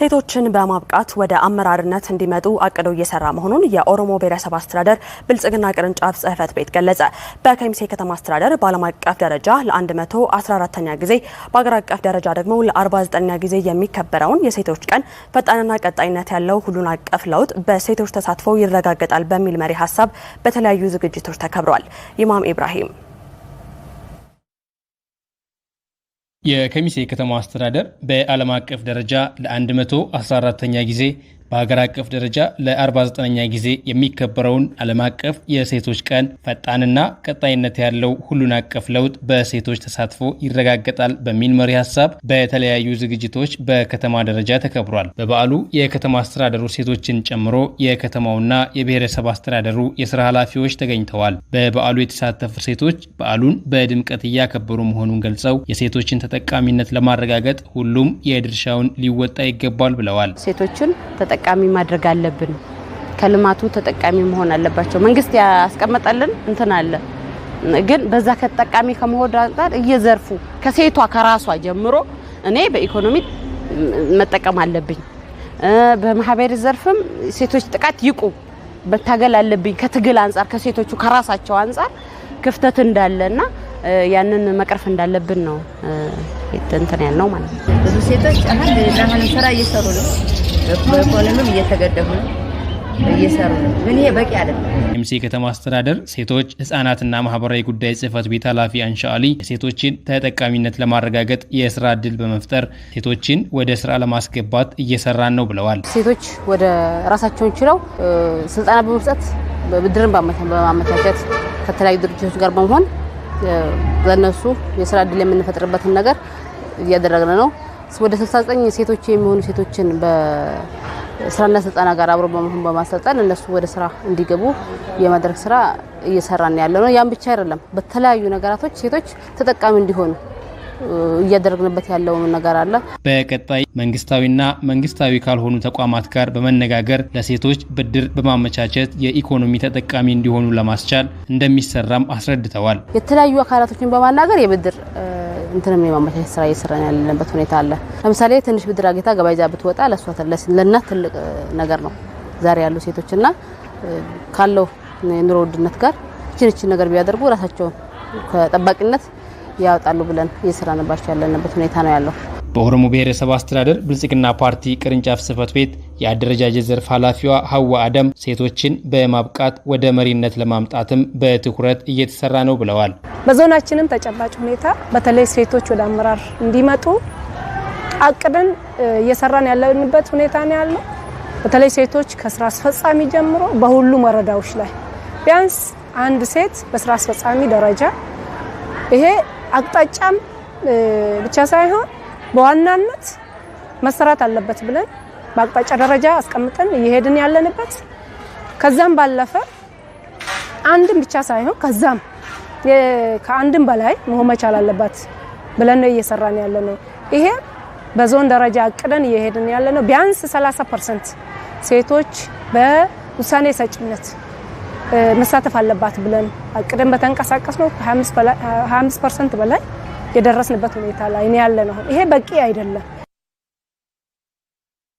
ሴቶችን በማብቃት ወደ አመራርነት እንዲመጡ አቅዶ እየሰራ መሆኑን የኦሮሞ ብሔረሰብ አስተዳደር ብልጽግና ቅርንጫፍ ጽህፈት ቤት ገለጸ። በከሚሴ ከተማ አስተዳደር በዓለም አቀፍ ደረጃ ለ114ኛ ጊዜ በአገር አቀፍ ደረጃ ደግሞ ለ49ኛ ጊዜ የሚከበረውን የሴቶች ቀን ፈጣንና ቀጣይነት ያለው ሁሉን አቀፍ ለውጥ በሴቶች ተሳትፎ ይረጋገጣል በሚል መሪ ሀሳብ በተለያዩ ዝግጅቶች ተከብሯል። ኢማም ኢብራሂም የከሚሴ ከተማ አስተዳደር በዓለም አቀፍ ደረጃ ለ114ኛ ጊዜ በሀገር አቀፍ ደረጃ ለ49ኛ ጊዜ የሚከበረውን ዓለም አቀፍ የሴቶች ቀን ፈጣንና ቀጣይነት ያለው ሁሉን አቀፍ ለውጥ በሴቶች ተሳትፎ ይረጋገጣል በሚል መሪ ሀሳብ በተለያዩ ዝግጅቶች በከተማ ደረጃ ተከብሯል። በበዓሉ የከተማ አስተዳደሩ ሴቶችን ጨምሮ የከተማውና የብሔረሰብ አስተዳደሩ የስራ ኃላፊዎች ተገኝተዋል። በበዓሉ የተሳተፉ ሴቶች በዓሉን በድምቀት እያከበሩ መሆኑን ገልጸው የሴቶችን ተጠቃሚነት ለማረጋገጥ ሁሉም የድርሻውን ሊወጣ ይገባል ብለዋል። ሴቶችን ተጠቃሚ ማድረግ አለብን። ከልማቱ ተጠቃሚ መሆን አለባቸው። መንግስት ያስቀመጠልን እንትን አለ፣ ግን በዛ ከተጠቃሚ ከመሆን አንጻር እየዘርፉ ከሴቷ ከራሷ ጀምሮ እኔ በኢኮኖሚ መጠቀም አለብኝ፣ በማህበር ዘርፍም ሴቶች ጥቃት ይቁ መታገል አለብኝ። ከትግል አንጻር ከሴቶቹ ከራሳቸው አንጻር ክፍተት እንዳለና ያንን መቅረፍ እንዳለብን ነው እንትን ያልነው ማለት ነው። ብዙ ሴቶች አሁን ስራ እየሰሩ ነው በኢኮኖሚም እየሰሩ ነው። ግን ይሄ በቂ አይደለም። ከተማ አስተዳደር ሴቶች ህጻናትና ማህበራዊ ጉዳይ ጽህፈት ቤት ኃላፊ አንሻ አሊ ሴቶችን ተጠቃሚነት ለማረጋገጥ የስራ እድል በመፍጠር ሴቶችን ወደ ስራ ለማስገባት እየሰራን ነው ብለዋል። ሴቶች ወደ ራሳቸውን ችለው ስልጠና በመስጠት ብድርን በማመቻቸት ከተለያዩ ድርጅቶች ጋር በመሆን ለነሱ የስራ እድል የምንፈጥርበትን ነገር እያደረግን ነው። ወደ 69 ሴቶች የሚሆኑ ሴቶችን በስራና ስልጠና ጋር አብሮ በመሆን በማሰልጠን እነሱ ወደ ስራ እንዲገቡ የማድረግ ስራ እየሰራን ያለ ነው። ያን ብቻ አይደለም፣ በተለያዩ ነገራቶች ሴቶች ተጠቃሚ እንዲሆኑ እያደረግንበት ያለው ነገር አለ። በቀጣይ መንግስታዊና መንግስታዊ ካልሆኑ ተቋማት ጋር በመነጋገር ለሴቶች ብድር በማመቻቸት የኢኮኖሚ ተጠቃሚ እንዲሆኑ ለማስቻል እንደሚሰራም አስረድተዋል። የተለያዩ አካላቶችን በማናገር የብድር እንትንም የማመቻቸት ስራ እየሰራን ያለንበት ሁኔታ አለ። ለምሳሌ ትንሽ ብድር አግኝታ ገባ ይዛ ብትወጣ ለእናት ትልቅ ነገር ነው። ዛሬ ያሉ ሴቶችና ካለው የኑሮ ውድነት ጋር ይችንችን ነገር ቢያደርጉ ራሳቸውን ከጠባቂነት ያወጣሉ ብለን እየሰራንባቸው ያለንበት ሁኔታ ነው ያለው። በኦሮሞ ብሔረሰብ አስተዳደር ብልጽግና ፓርቲ ቅርንጫፍ ጽህፈት ቤት የአደረጃጀት ዘርፍ ኃላፊዋ ሀዋ አደም ሴቶችን በማብቃት ወደ መሪነት ለማምጣትም በትኩረት እየተሰራ ነው ብለዋል። በዞናችንም ተጨባጭ ሁኔታ በተለይ ሴቶች ወደ አመራር እንዲመጡ አቅደን እየሰራን ያለንበት ሁኔታ ነው ያለው። በተለይ ሴቶች ከስራ አስፈጻሚ ጀምሮ በሁሉም ወረዳዎች ላይ ቢያንስ አንድ ሴት በስራ አስፈጻሚ ደረጃ ይሄ አቅጣጫም ብቻ ሳይሆን በዋናነት መሰራት አለበት ብለን በአቅጣጫ ደረጃ አስቀምጠን እየሄድን ያለንበት ከዛም ባለፈ አንድም ብቻ ሳይሆን ከዛም ከአንድም በላይ መሆን መቻል አለባት ብለን ነው እየሰራን ያለ ነው። ይሄ በዞን ደረጃ አቅደን እየሄድን ያለ ነው። ቢያንስ 30 ፐርሰንት ሴቶች በውሳኔ ሰጭነት መሳተፍ አለባት ብለን አቅደን በተንቀሳቀስ ነው ከ25 ፐርሰንት በላይ የደረስንበት ሁኔታ ላይ ያለ ነው። ይሄ በቂ አይደለም።